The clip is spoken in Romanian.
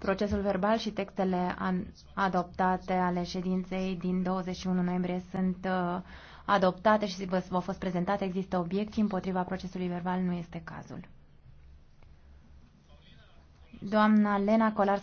Procesul verbal și textele adoptate ale ședinței din 21 noiembrie sunt uh, adoptate și v-au fost prezentate. Există obiecții împotriva procesului verbal? Nu este cazul. Doamna Lena Colar